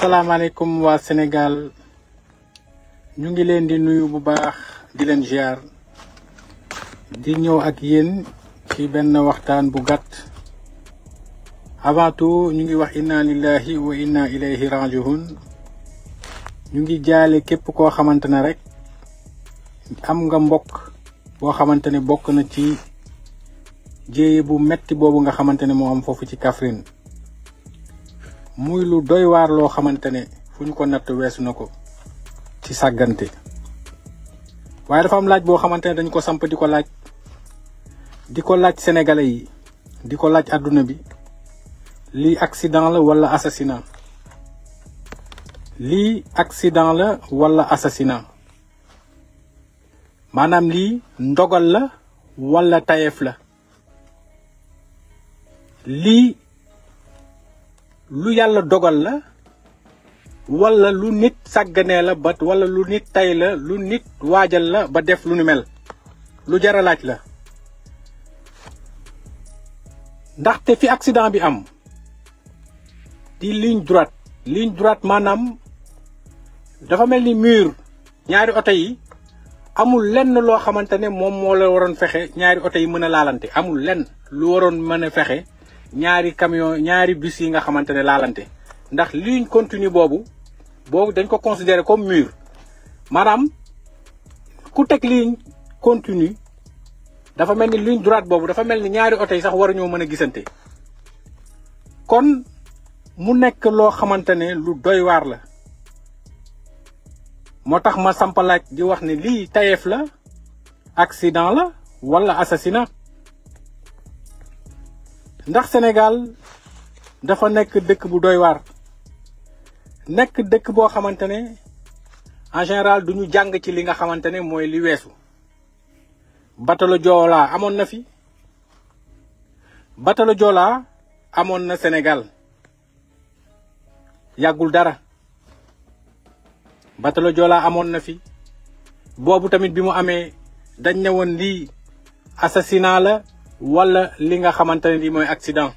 salaamaaleykum waa Sénégal ñu ngi leen di nuyu bu baax di leen ziar di ñëw ak yéen ci benn waxtaan bu gàtt avant ñu ngi wax inna lillahi wa inna ilayhi rajihun ñu ngi jaale képp koo xamante ne rek am nga mbokk boo xamante ne bokk na ci jéeye bu metti boobu nga xamante ne moo am foofu ci Kaffrine muy lu doy waar loo xamante ne fu ñu ko natt weesu na ko ci sàggante waaye dafa am laaj boo xamante ne dañu ko samp di ko laaj di ko laaj sénégalais yi di ko laaj àdduna bi lii accident la walla assassinat lii accident la walla assassinat maanaam lii ndogal la walla tayeef la lii lu yàlla dogal la wala lu nit sàgganee la ba wala lu nit tay la lu nit waajal la ba def lu nu mel lu jara laaj la ndaxte fi accident bi am di ligne droite ligne droite maanaam dafa mel ni mur ñaari oto yi amul lenn loo xamante ne moom moo la waroon fexe ñaari oto yi mën a laalante amul lenn lu waroon mën a fexe ñaari camion ñaari bus yi nga xamantene la lanté ndax liñ continue bobu bobu dañ ko considérer comme mur maanaam ku tek liñ continue dafa melni liñ droite bobu dafa melni ñaari auto yi sax waru ñu mëna gisanté kon mu nekk lo xamantene lu doy war la motax tax ma sampalaaj di wax ni li tayef la accident la wala assassinat ndax Sénégal dafa nekk dëkk bu doy war nekk dëkk boo xamante ne en général du ñu jàng ci li nga xamante ne mooy li weesu batalo Joola amoon na fi batalo Joola amoon na Sénégal yàggul dara batalo Joola amoon na fi boobu tamit bi mu amee dañ ne woon lii assassinat la wala li nga xamante li moy accident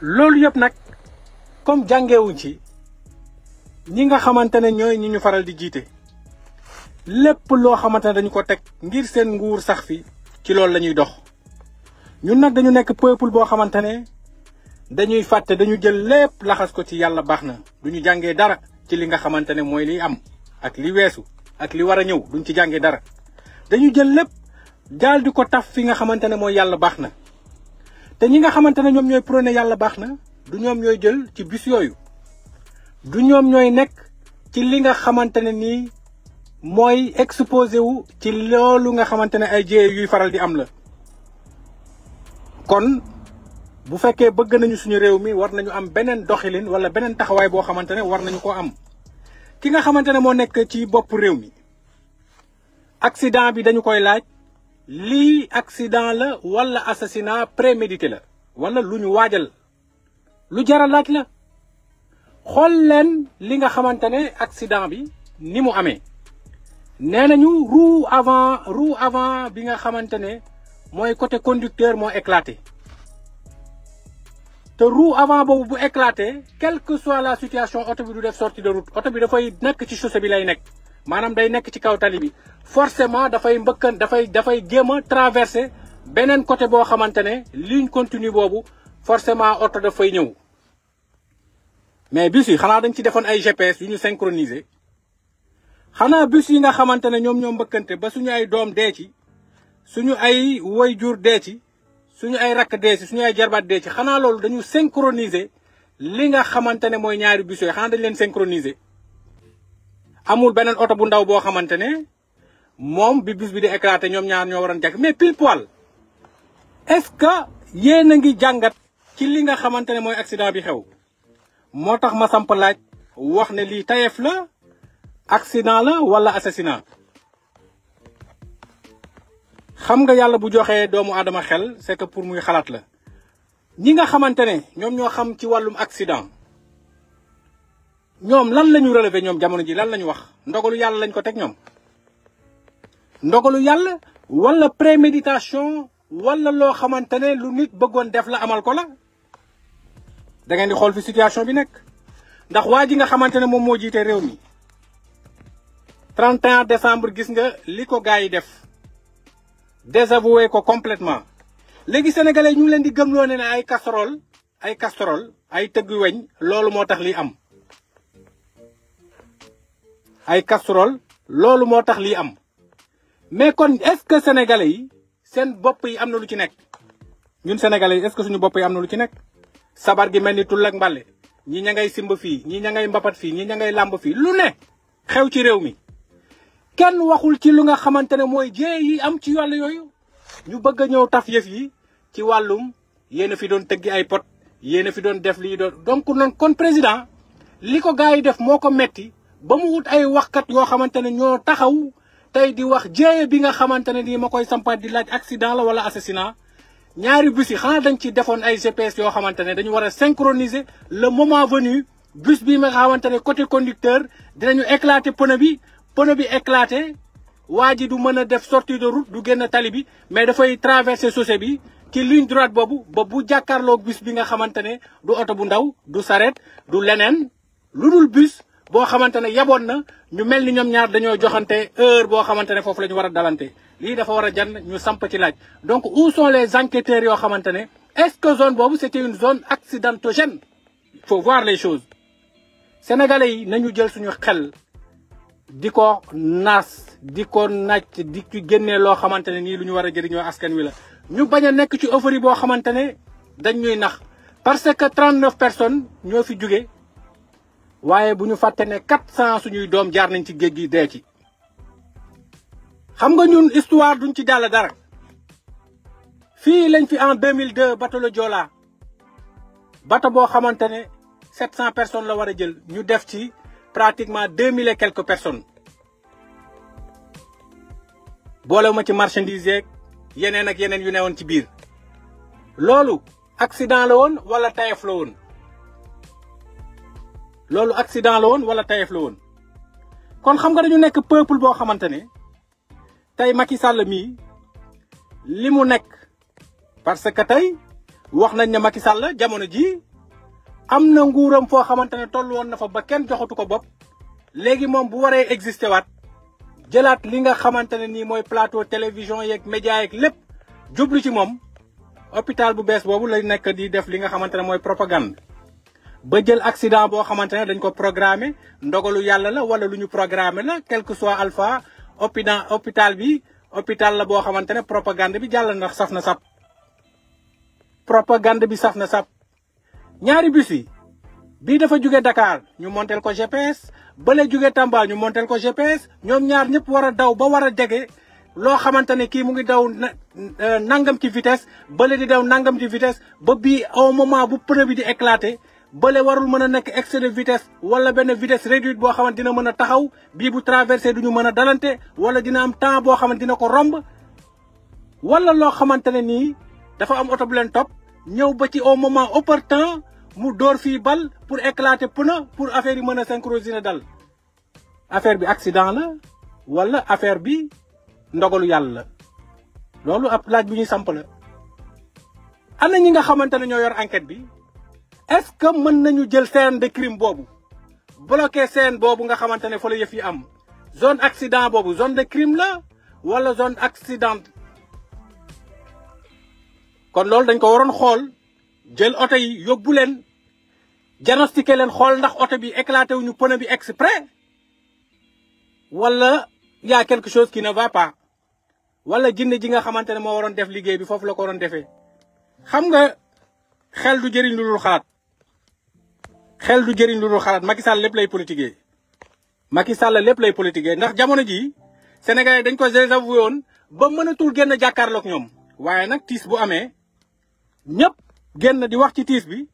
lolou yop nak comme jàngeewuñ ci ñi nga xamantene ñoy ñi ñu faral di jité lepp lo xamantene dañ ko tek ngir seen nguur sax fi ci loolu lañuy dox ñun nak dañu nek peuple bo xamantene dañuy fàtte dañu jël lépp laxas ko ci yalla baxna duñu jangé dara ci li nga xamantene moy li am ak li wessu ak li wara ñew duñ ci jangé dara dañu jël lepp dal diko taf fi nga xamantene ne yalla baxna baax te ñi nga xamantene ñom ñoy ñooy yalla baxna du ñom ñoy jël ci bis yoyu du ñom ñoy nek ci li nga xamantene ni moy exposé wu ci loolu nga xamantene ay jé yu faral di am la kon bu fekkee bëgg nañu suñu réew mi war nañu am benen doxilin wala benen taxaway bo xamantene war nañu ko am ki nga xamantene nek nek ci bop réew mi accident bi dañu koy laaj lii accident la walla wala assassinat prémédité la wala lu ñu waajal lu jara laaj la xool leen li nga xamante ne accident bi ni mu amee nee ñu roue avant roue avant bi nga xamante ne mooy côté conducteur moo éclaté te roue avant boobu bu éclaté quelle que soit la situation oto bi du def sortie de route oto bi dafay nekk ci chaussée bi lay nekk maanaam day nekk ci kaw tali bi forcément dafay mbëkkan dafay dafay jéem a traversé beneen côté boo xamante ne ligne continue boobu forcément oto dafay ñëw mais bus yi xanaa dañ ci defoon ay GPS yu ñu synchronisé xanaa bus yi nga xamante ne ñoom ñoo mbëkkante ba suñu ay doom dee ci suñu ay waajur dee ci suñu ay rakk dee ci suñu ay jarbaat dee ci xanaa loolu dañu synchroniser li nga xamante ne mooy ñaari bus yooyu xanaa dañ leen synchroniser amul beneen oto bu ndaw boo xamante ne mom bi bis bi di éclaté ñom ñaar ño waran jakk mais pile poil est-ce que yéen ngi jangat ci li nga xamantene moy accident bi xew motax ma samp laaj wax ne li tayef la accident la wala assassinat xam nga yalla bu joxé doomu adama xel c'est que pour muy xalat la ñi nga xamantene ñom ño xam ci walum accident ñom lan lañu relever ñom jamono ji lan lañu wax ndogalu yalla lañ ko tek ñom ndogalu yalla wala préméditation wala lo xamante lu nit bëggoon def la amal ko la da ngeen di xool fi situation bi nekk ndax waa ji nga xamante ne moom moo jiite mi 31 décembre gis nga li ko gars yi def désavoué ko complètement léegi sénégalais ñu ngi leen di gëmloo ne ay casserole ay casserole ay tëgg weñ loolu moo tax lii am ay casserole loolu moo tax am mais kon est-ce que sénégalais yi seen bopp yi am na lu ci nekk ñun sénégalais yi est suñu bopp yi am na lu ci nekk sabar gi mel ni tull ak mbàlle ñi ña ngay simba fii ñi ña ngay fii ñi ña ngay làmb fii lu ne xew ci réew mi kenn waxul ci lu nga xamante ne mooy jee yi am ci wàll yooyu ñu bëgg a ñëw taf yëf yi ci wàllum yéen a fi doon tëggi ay pot yéen a fi doon def lii doon donc noonu kon président li ko gars yi def moo ko metti ba mu wut ay waxkat yoo xamante ne ñoo taxaw tey di wax jéeye bi nga xamante ne nii ma koy sampaat di laaj accident la wala assassinat ñaari bus yi xanaa dañ ci defoon ay GPS yoo xamante ne dañu war a synchroniser le moment venu bus bi ma xamante ne côté conducteur dinañu éclater pneu bi pneu bi éclater waa ji du mën a def sorti de route du génn tali bi mais dafay traverser chaussée bi ci ligne droite boobu ba bu jàkkaarloog bus bi nga xamante ne du oto bu ndaw du saret du leneen lu dul bus bo y ya na ñu melni ñom ñaar dañoo joxante heure bo dalante dafa ñu samp ci donc où sont les enquêteurs est-ce que zone c'était une zone accidentogène il faut voir les choses sénégalais yi nañu jël suñu xel diko nas diko nous di ci ni ne askan wi la ñu ci dañ ñuy nax parce que 39 personnes ñoo fi waye buñu faté né 400 suñuy dom jaar nañ ci géej gi ci xam nga ñun histoire duñ ci dàll dara fi lañ fi en 2002 bateau la Joola bato boo xamante ne personnes la wara jël ñu def ci pratiquement 2000 et quelques personnes boolewuma ci marchandise yeeg yeneen ak yenen yu néwon ci biir lolu accident la won wala tayef la won loolu accident la woon wala tayef la woon kon xam nga dañu nekk peuple boo xamante ne tey Macky Sall mii li mu nekk parce que tey wax nañ ne Macky Sall jamono ji am na nguuram foo xamante ne toll woon na fa ba kenn joxatu ko bopp léegi moom bu waree existé waat jëlaat li nga xamante ne nii mooy plateau télévision yeeg média yeeg lépp jublu ci moom hôpital bu bees boobu lay nekk di def li nga xamante ne mooy propagande ba jël accident bo xamantene dañ ko programmé ndogalu yalla la wala luñu programmé la quel que soit alpha hôpital hôpital bi hôpital la bo xamantene propagande bi jall na saf na sap propagande bi saf na sap ñaari bus yi bi dafa Dakar ñu montel ko GPS bële jóge Tamba ñu montel ko GPS ñom ñaar ñep wara daw ba wara djégé lo xamantene ki mu ngi daw euh, nangam ci vitesse di daw nangam ci vitesse ba bi au moment bu pneu bi di éclater bële warul mën a nekk excès de vitesse wala benn vitesse réduite boo xamante dina mën a taxaw bii bu traversé duñu mën a dalante wala dina am temps boo xamante dina ko romb wala loo xamante ne nii dafa am oto bu leen topp ñëw ba ci au moment opportun mu door fii bal pour éclater pneu pour affaire yi mën a synchroniser dal affaire bi accident la walla affaire bi ndogalu yàlla loolu ab laaj bu ñuy samp la na ñi nga xamante ne ñoo yor enquête bi est-ce que mën nañu jël scène de crime Bobu bloqué scène bobu nga xamante ne fa la fi yi am zone accident Bobu. zone de crime la wala zone accident kon loolu dañ ko waroon xol jël auto yi yóbbu leen diagnostiqué leen xool ndax oto bi éclaté wuñu ñu pneu bi exprès wala y a quelque chose qui ne va pas wala jinne ji nga xamante mo moo def liguey bi fofu la ko waroon defé xam nga xel du jëriñ lu lu xalaat xel du jëriñ lu dul xalaat Macky Sall lépp lay politiquer Macky Sall lépp lay politiquer ndax jamono jii sénégalais dañ ko désavoué woon ba mënatul génn jàkkaarloog ñoom waaye nag tiis bu amee ñëpp génn di wax ci tiis bi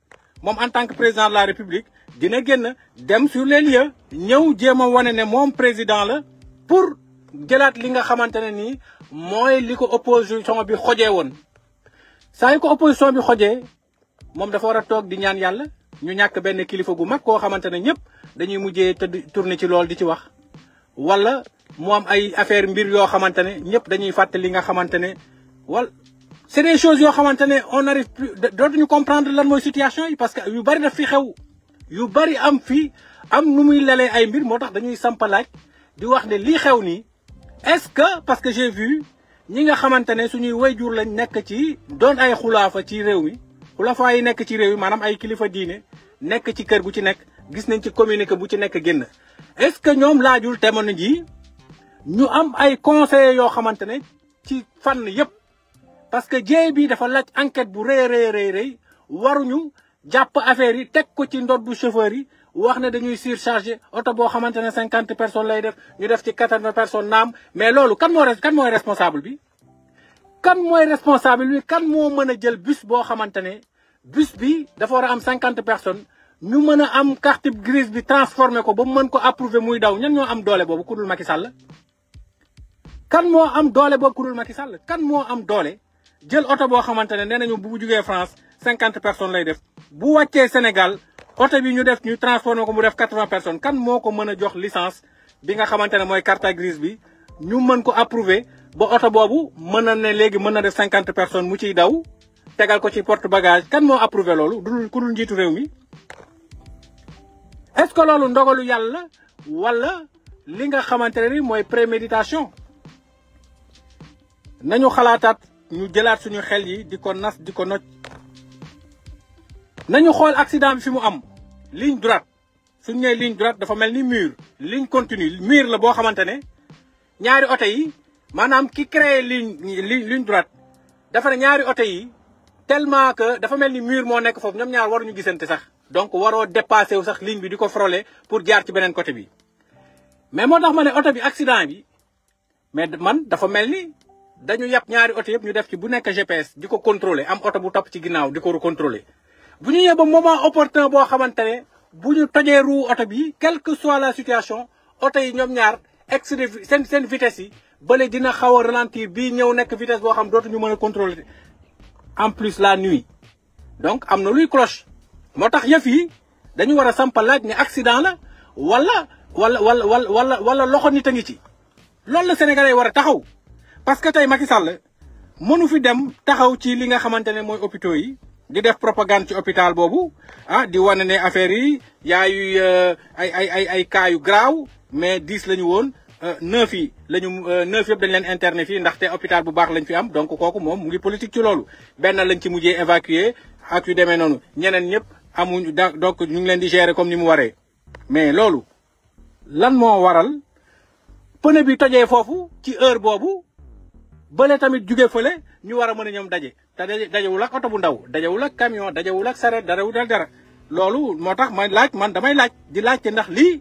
moom en tant que président de la république dina génn dem su les lieux ñëw jéem a wane ne moom président la pour jëlaat li nga xamante ne nii mooy li ko opposition bi xojee woon saa yu ko opposition bi xojee moom dafa war a toog di ñaan yàlla ñu ñàkk benn kilifa gu dañuy ci lool di ci c'est des choses on arrive plus dootuñu comprendre lan situation yi parce que yu bari daf fi xew yu bari am fi am nu muy lalee ay mbir que parce que j'ai vu ñi nga xamante suñuy wayjur lañ ci ay ci xulafaa yi nekk ci réew yi maanaam ay kilifa diine nekk ci kër gu ci nekk gis nañ ci communiqué bu ci nekk génn est-ce que ñoom laajul jamono ji ñu am ay conseillers yoo xamante ne ci fànn yëpp parce que jéey bi dafa laaj enquête bu rëy rëy rëy rëy waruñu jàpp affaire yi teg ko ci ndoddu chauffeur yi wax ne dañuy surchargé oto boo xamante ne cinquante personnes lay def ñu def ci quatre-vingts personnes naam mais loolu kan moo kan mooy responsable bi kan mooy responsable bi kan moo mën a jël bus boo xamante ne bus bi dafa war a am cinquante personnes ñu mën a am carte gris bi transformé ko ba mu mën ko approuvé muy daw ñan ñoo am doole boobu ku dul Macky Sall kan moo am doole boobu ku dul Sall kan moo am doole jël oto boo xamante ne nee nañu bu jugee France cinquante personnes lay def bu wàccee Sénégal oto bi ñu def ñu transformé ko mu def quatre-vingts personnes kan moo ko mën a jox licence bi nga xamante ne mooy carte grise bi ñu mën ko approuvé ba oto boobu mën ne léegi meuna na def cinquante personnes mu ci daw tegal ko ci porte bagage kan mo approuver loolu dul ku dul njiitu réew mi est-ce que loolu ndogalu yalla wala li nga xamantene ne ni mooy préméditation nañu xalaataat ñu jëlaat suñu xel yi diko nas diko ko noj nañu xol accident bi fi mu am ligne droite suñu ne ligne droite dafa melni mur ligne continue mur la bo xamantene ñaari auto yi manam ki créé ligne ligne droite dafa ne ñaari oto yi tellement que dafa melni mur mo nek foofu ñom ñaar waru ñu gisenté sax. donc waro dépasser sax ligne bi diko ko frôler pour jaar ci benen côté bi mais motax mané auto bi accident bi mais man dafa melni dañu yap ñaari auto yëpp ñu def ci bu nek GPS diko contrôler am auto bu top ci ginnaaw diko recontrôler contrôler bu ñu yebba moment opportun bo xamantene ne bu ñu tojee roue oto bi quelque soit la situation auto yi ñom ñaar excédé sen seen vitesse yi bële dina xaw ralentir bi ñëw nek vitesse bo xam dootu ñu mëna contrôler en plus la nuit donc am na luy cloche motax tax yi dañu wara a samp laaj ne accident la wala wala wala wala wala loxo nit a ngi ci. loolu la Sénégalais wara taxaw parce que tay Macky Sall mënu fi dem taxaw ci li nga xamantene moy hôpitaux yi. di def propagande ci hôpital bobu ah di wone ne affaire yi yaayu euh, ay ay ay ay cas yu graw mais 10 lañu won neuf yi lañu euh, neuf yëpp dañ leen interné fii ndaxte hôpital bu baax lañ fi am donc kooku moom mu ngi politique ci loolu benn lañ ci mujjee évacué ak yu demee noonu ñeneen ñëpp amuñu donc ñu ngi leen di gérer comme ni mu waree mais loolu lan waral pëne bi tojee foofu ci heure boobu bële tamit jugee fële ñu war a mën a ñoom daje te dajewul daje ulak bu ndaw daje ulak camion daje ulak saret dajewul ak dara lolu moo tax ma laaj man damay laaj di laajte ndax li.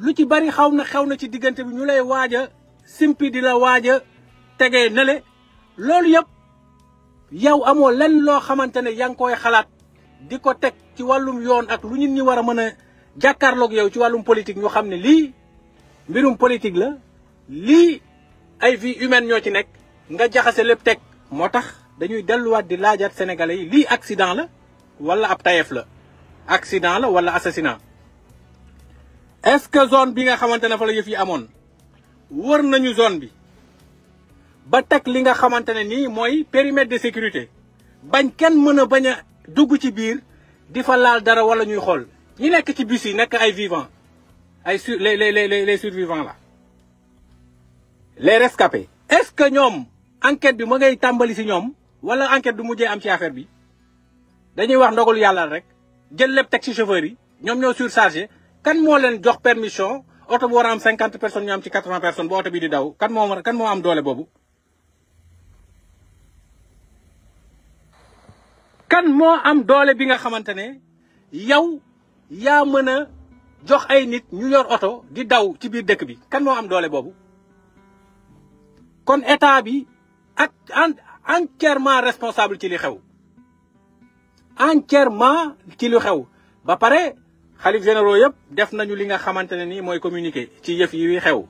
lu ci bari xaw na xew na ci diggante bi ñu lay waaj a simpi di la waaj a nele loolu yëpp yow amoo lenn loo xamante ne yaa ngi koy xalaat di ko teg ci wàllum yoon ak lu nit ñi war a mën a jàkkaarloog yow ci wàllum politique ñu xam ne lii mbirum politique la lii ay vie humaine ñoo ci nekk nga jaxase lépp teg moo tax dañuy delluwaat di laajaat sénégalais yi lii accident la wala ab tayeef la accident la wala assassinat est-ce que zone bi nga xamantene fa la yëf yi amoon wër nañu zone bi ba teg li nga xamantene ni moy périmètre de sécurité bañ ken mën baña bañ dugg ci bir di fa laal dara wala ñuy xol ñi nekk ci bus yi nekk ay vivants ay les les les les survivants là les rescapés. est-ce que ñom enquête bi ma ngay tambali ci ñom wala enquête du mujjé am ci affaire bi dañuy wax ndogul yalla rek jël lepp teg ci chauffeur yi ñom ñoo surchargé. kan moo leen jox permission oto bu war am cinquante personnes ñu am ci quatre-vingts personnes bu oto bi di daw kan moo kan moo am doole moo am doole bi nga xamante ne yow yaa mën a jox ay nit ñu yor oto di daw ci biir dëkk bi kan moo am doole boobu. kon état bi ak entièrement responsable ci li xew entièrement ci li xew ba pare. xalif généraux yëpp def nañu li nga xamante ne ni mooy communiqué ci yëf yi xew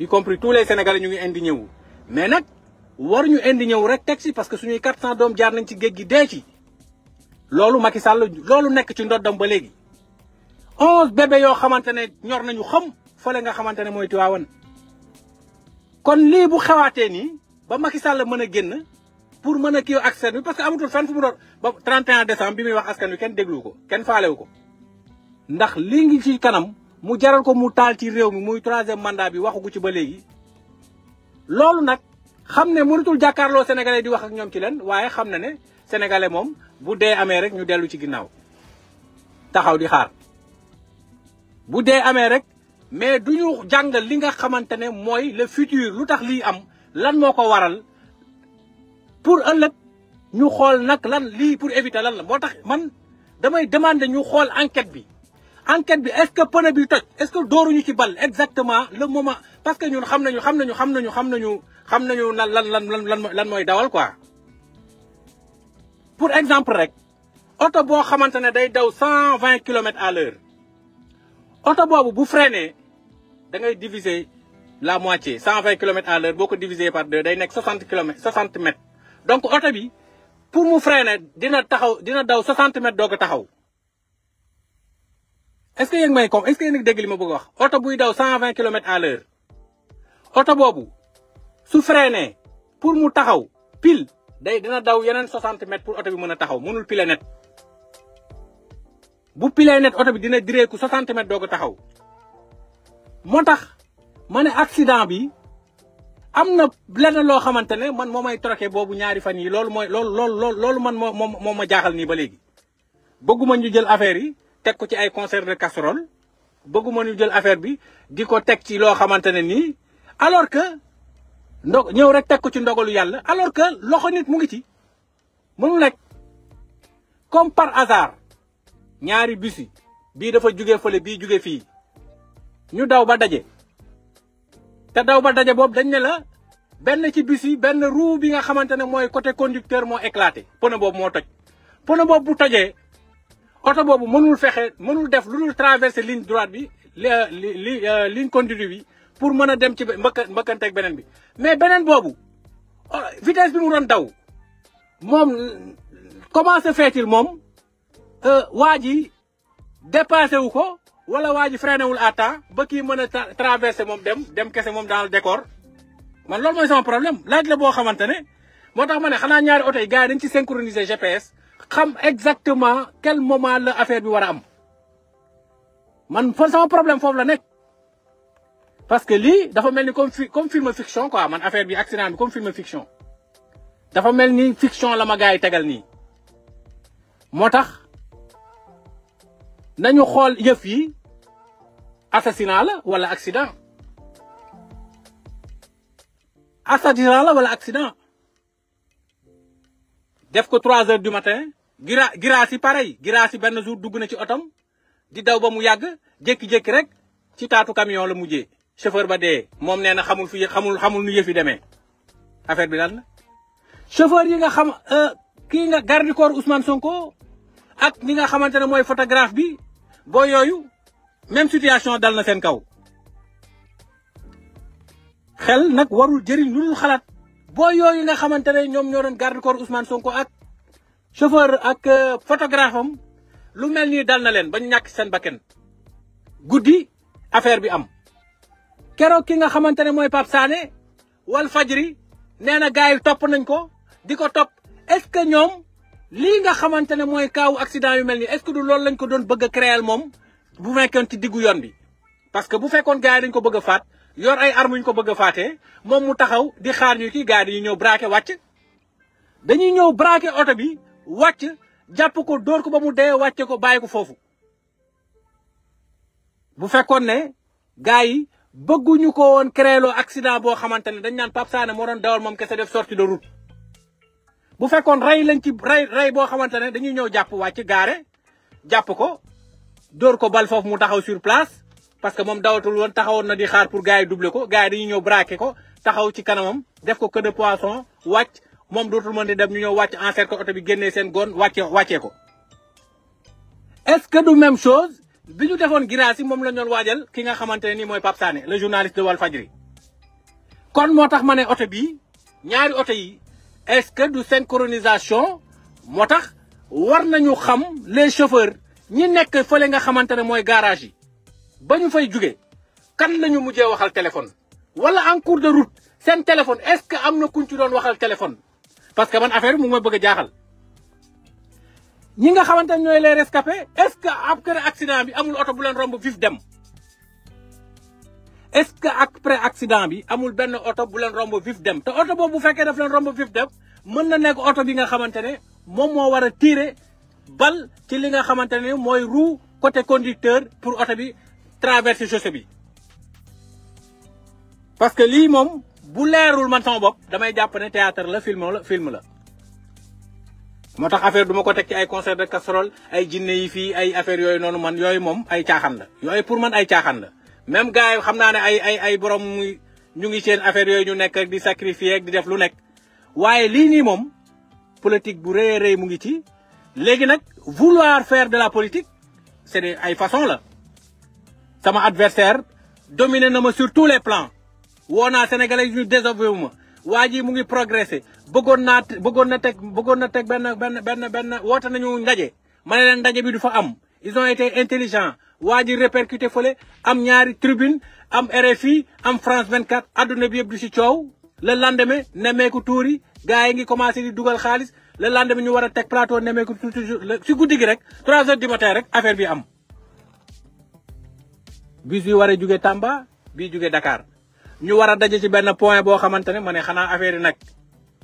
y compris tous les sénégalais ñu ngi indi ñëw mais nag war ñu indi ñëw rek teg si parce que suñuy 400 doom jaar nañ ci géej gi dee ci loolu Macky Sall loolu nekk ci ndoddam ba léegi onze bébé yoo xamante ne ñor nañu xam fële nga xamante ne mooy Tiwaawan kon lii bu xewaatee nii ba Macky Sall mën a génn pour mën a kii ak seen bi parce que amatul fenn fu mu doon ba 31 décembre bi muy wax askan wi kenn déglu ko kenn faalewu ko ndax li ngi ci kanam mu jaral ko mu taal ci réew mi muy troisième mandat bi waxugu ci ba léegi loolu nag xam ne mënatul jàkkaarloo sénégalais di wax ak ñoom ci leen waaye xam na ne sénégalais moom bu dee amee rek ñu dellu ci ginnaaw taxaw di xaar bu dee amee rek mais du ñu jàngal li nga xamante ne mooy le futur lu tax lii am lan moo ko waral pour ëllëg ñu xool nag lan lii pour éviter lan la moo tax man damay demander ñu xool enquête bi. enquête est-ce que bi est-ce que exactement le moment parce que ñun pour exemple rek auto bo day daw à l'heure bu la moitié 120 km à l'heure par deux day nek 60 mètres donc pour nous freiné dina taxaw dina daw 60 est-ce que yéen may comme est-ce que yéen ngi dégg li ma bëgg wax oto buy daw cent vingt kilomètres à l'heure oto boobu su freiné pour mu taxaw pile day dina daw yeneen soixante mètres pour oto bi mën taxaw mënul pile net bu pile net oto bi dina direeku soixante mètres doog a taxaw moo tax ma ne accident bi am na lenn loo man momay may troqué boobu ñaari fan yi loolu moy loolu loolu loolu man moma moo moo jaaxal ba légui bëgguma ñu jël affaire yi teg ko ci ay concert de casserole bëgguma ñu jël affaire bi diko tek ci lo xamante ni alors que ndog ñew rek tek ko ci ndogalu Yalla, alors que loxo nit mu ngi ci mënu nekk comme par hasard ñaari bus yi bii dafa juggé fele bi juggé fi ñu daw ba dajé te daw ba dajé bob dañ ne la benn ci bus yi benn roue bi nga xamante moy côté conducteur mo éclaté pneu bob mo toj pneu bob bu tojee auto bobu mënul fexé mënul def lu traverser ligne droite bi li euh, ligne continue bi pour mën dem ci mbëkk mbëkkanteeg beneen bi mais benen bobu oh, vitesse bi mu ron daw mom comment se fait-il mom euh waji dépasser wu ko wala waji ji freiné wul à ba ki mën traverser mom dem dem kessé mom dans le décor man loolu moy sama problème laj la bo xamante motax mané xana ñaari auto yi gaay dañ ci synchroniser GPS xam exactement quel moment la affaire bi war a am man problème la parce que lii dafa comme comme film fiction quoi man affaire bi comme film fiction dafa ni fiction la ma tegal nañu assassinat la wala accident assassinat wala accident def ko 3 heures du matin pareil giraas jour dugg ci di daw ba mu rek ci camion la chauffeur ba dé mom néna xamul fi xamul xamul nu affaire bi chauffeur yi nga xam euh, Ousmane Sonko ne photographe bi bo yoyu même situation dal na sen kaw xel warul boyo yooyu nga xamantene ñom ñoo doon garde corps Ousmane Sonko ak chauffeur ak euh, photographe am lu mel dal na len ba ñak bakken goudi affaire bi am. kéro ki nga xamantene moy pap Sané wal fajri néna gaay gars nañ ko diko top est ce que ñom li nga xamantene moy kaw accident yu mel est ce que du lool lañ ko doon bëgg créer mom bu fekkon ci diggu yoon bi parce que bu fekkon gaay dañ ko bëgg faat. yor ay armes yu ñu ko bëgg a faatee moom mu taxaw di xaar ñu kii gaar yi ñëw braqué wàcc dañuy ñëw braqué oto bi wàcc jàpp ko dóor ko ba mu dee wàcce ko bàyyi ko foofu bu fekkoon ne gars yi bëgguñu ko woon créeloo accident boo xamante ne dañ naan Pape Sané moo doon dawal moom kese def sortie de bu fekkoon rey lañ ci rey boo xamante ne dañuy ñëw jàpp wàcc gaare jàpp ko dóor ko bal foofu mu taxaw sur place parce que moom dawatul woon taxawoon na di xaar pour gars yi doubler ko gars yi dañuy ñëw braqué ko taxaw ci kanamam def ko queue de poisson wàcc moom dootul mën di dem ñu ñëw wàcc encercler ko oto bi génne seen goon wàcce wàccee ko. est ce que du même chose bi ñu defoon Guirassy moom la doon waajal ki nga xamante ne nii mooy Pape Sané le journaliste de Walfadjri kon moo tax ma ne oto bii ñaari oto yi est ce que du synchronisation moo tax war nañu xam les chauffeurs ñi nekk fële nga xamante ne mooy garage yi. ba ñu fay juge kan lañu mujjee waxal téléphone wala en cours de route seen téléphone est-ce que am na kuñ ci doon waxal téléphone parce que man affaire bi mu ngi bëgg a jaaxal ñi nga xamante ne ñooy les rescapés est-ce que après accident bi amul oto bu leen romb vif dem est-ce que après accident bi amul benn oto bu leen romb vif dem te oto boobu bu fekkee daf leen romb vif dem mën na nekk oto bi nga xamante ne moom moo war a tirer bal ci li nga xamante ne mooy roue côté conducteur pour oto bi traversé chaussée bi parce que lii moom bu leerul man sama bopp damay jàpp ne théâtre la film la film la moo tax affaire du ma ko teg ci ay concert de casserole ay jinne yi fii ay affaire yooyu noonu man yooyu moom ay caaxaan la yooyu pour man ay caaxaan même gars yi xam naa ne ay ay ay borom ñu ngi seen affaire yooyu ñu nek rek di sacrifier ak di def lu nekk waaye lii nii moom politique bu rëy a ngi ci léegi nag vouloir faire de la politique c'est ay façon la sama adversaire dominé na ma sur tous les plans wona sénégalais ñu désobéir ma waa mu ngi progresser bëggon na bëggon na tek bëggon na tek ben ben ben ben wota nañu ndaje ma ndaje bi du fa am ils ont été intelligents waji ji répercuté fële am ñaari tribune am RFI am France 24 aduna bi yëpp du ci ciow le lendemain néméku tuuri gaay ngi commencé di dugal xaliss le lendemain ñu wara tek plateau néméku tuuri toujours si guddi rek 3 h du matin rek affaire bi am. bus bi war a jóge Tamba bi jóge Dakar ñu war a daje ci benn point boo xamante ne ma ne xanaa affaire yi nag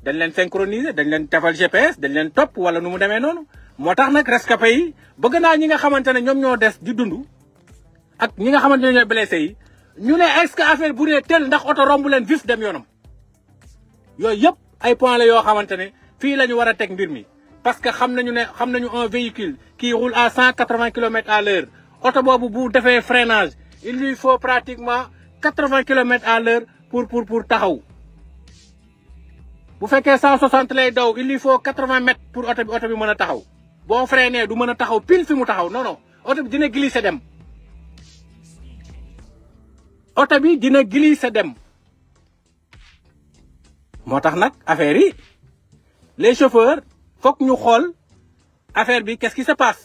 dañ leen synchroniser dañ leen defal GPS dañ leen topp wala nu mu demee noonu moo tax nag rescapé yi bëgg naa ñi nga xamante ne ñoom ñoo des di dund ak ñi nga xamante ne ñooy blessé ñu ne est-ce que affaire bu ne tel ndax oto romb leen vif dem yoonam yooyu yëpp ay point la yoo xamante ne fii la ñu war a teg mbir mi parce que xam nañu ne xam nañu un véhicule qui roule à cent quatre-vingts kilomètres à l'heure oto bu defee freinage il lui faut pratiquement 80 km à l'heure pour, pour, pour Tahou. Vous faites 160 lay d'eau, il lui faut 80 mètres pour l'autre qui Tahou. Bon freiné, il est Tahou, pile sur Tahou. Non, non, l'autre qui est glissé. L'autre qui est glissé. Je vais vous dire, affaire. Les chauffeurs, il faut que nous affaire, qu'est-ce qui se passe?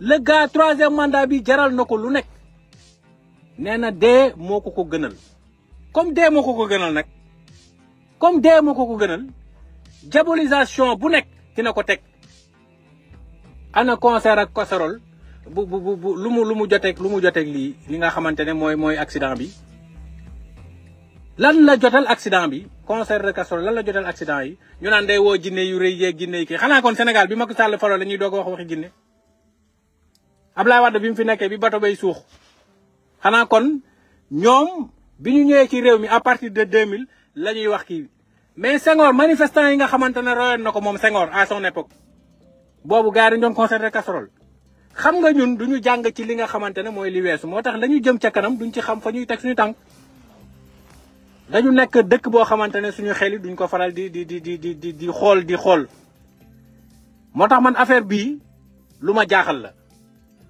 le gars troisième mandat bi jaral na ko lu nekk nee na dee moo ko ko gënal comme dee moo ko ko gënal nag comme dee moo ko ko gënal diabolisation bu nekk dina ko teg ana concert ak casserole bu bu bu lu mu lu mu joteeg lu mu joteeg lii li nga xamante ne mooy mooy accident bi lan la jotal accident bi concert de casserole lan la jotal accident yi ñu naan day woo jinne yu rëy yeeg jinne yi kii xanaa kon Sénégal bi Macky Sall faloo la ñuy doog a wax waxi jinne Ablaye wad bi mu fi nekké bi bato bay suux xana kon ñom biñu ñëwé ci réew mi à partir de 2000 la wax ki mais Senghor manifestant yi nga xamante ne nako mom ko Senghor à son époque bobu gaay yi dañ doon concentré casserole xam nga ñun duñu jang ci li nga xamante moy li wess motax tax jëm ci kanam duñ ci xam fa ñuy tek suñu tank dañu nekk dekk bo xamantene suñu xel duñ ko faral di di di di di di xol di xol motax man affaire bi luma jaaxal la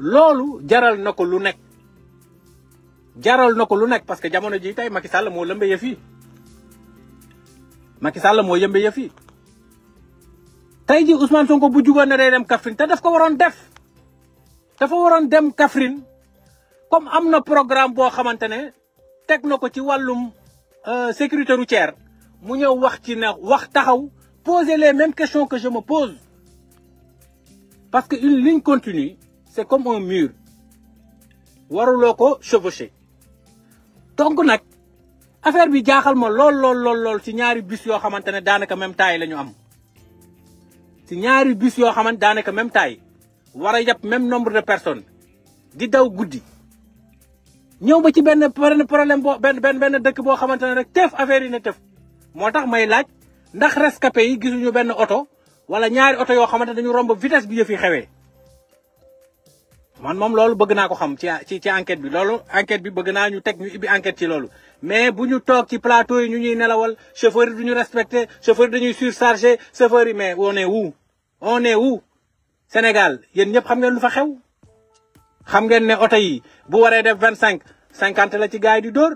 loolu jaral na ko lu nekk jaral na ko lu nekk parce que jamono ji tey Macky Sall moo lëmbe yëf yi Macky Sall moo yëmbe yëf tey ji Ousmane Sonko bu jugoon ne day dem Kaffrine te def ko waroon def dafa waroon dem Kaffrine comme am na programme boo xamante ne teg na ko ci wàllum euh, sécurité routière mu ñëw wax ci na wax taxaw poser les mêmes questions que je me pose parce que une ligne continue c'est comme un mur Waruloko ko donc nak affaire bi jaxal ma lol lol lol lol ci ñaari bus yo xamante danaka même taille lañu am ci ñaari bus yo xamante danaka même taille Wara yapp même nombre de personnes di daw goudi. ñëw ba ci ben problème boo ben ben benn dëkk boo ne rek tëf affaire yi ne tëf Motax may laaj ndax rescapé yi gisunu ben auto wala ñaari auto yo xamante dañu romb vitesse bi yeufi xewé. man moom loolu bëgg naa ko xam ci ci ci enquête bi loolu enquête bi bëgg naa teg ñu ibbi enquête ci loolu mais bu ñu toog ci plateau yi ñu ñuy nelawal chauffeur du ñu respecté chauffeur yi dañuy surchargé chauffeur yi mais on wu où on est où Sénégal yéen ñëpp xam ngeen lu fa xew xam ngeen ne oto yi bu waree def vingt cinq cinquante la ci gars yi di dóor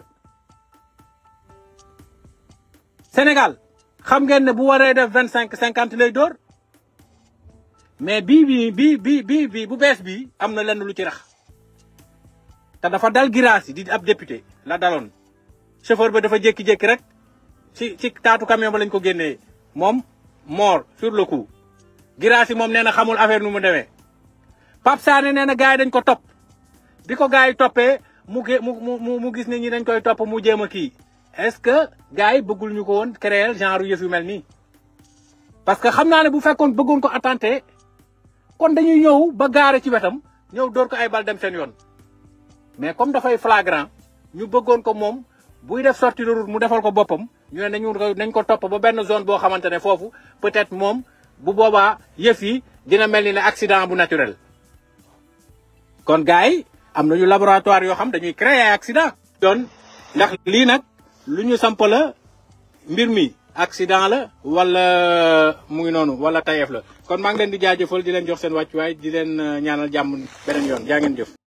Sénégal xam ngeen ne bu waree def vingt cinq cinquante lay door mais bii bii bii bii bii bii bu bees bii am na lenn lu ci rax te dafa dal giraas yi di ab député la daloon chauffeur ba dafa jékki-jékki rek ci ci taatu camion ba lañ ko génnee moom mort sur le coup giraas yi moom nee na xamul affaire nu mu demee Pape Sané nee na gars dañ ko topp di ko gars yi toppee mu mu mu gis ne ñi dañ koy topp mu jéem a kii est-ce que gars yi bëggul ñu ko woon créer genre yëf yu mel nii parce que xam naa ne bu fekkoon bëggoon ko attenté kon dañuy ñëw ba gaare ci wetam ñëw door ko ay bal dem seen yoon mais comme dafay flagrant ñu bëggoon ko moom buy def sortie de mu defal ko boppam ñu ne nañu nañ ko topp ba benn zone boo xamante ne foofu peut-être moom bu boobaa yëf yi dina mel ni ne accident bu naturel. kon gars yi am na nañu laboratoire yoo xam dañuy créer ay accident. doon ndax lii nag lu ñu samp mbir mi accident la wala mu ngi noonu wala tayeef la. kon maa ngi leen di jaajëfal di leen jox seen wàccuwaay di len euh, ñaanal jàmm beneen yoon jaa ngeen jëf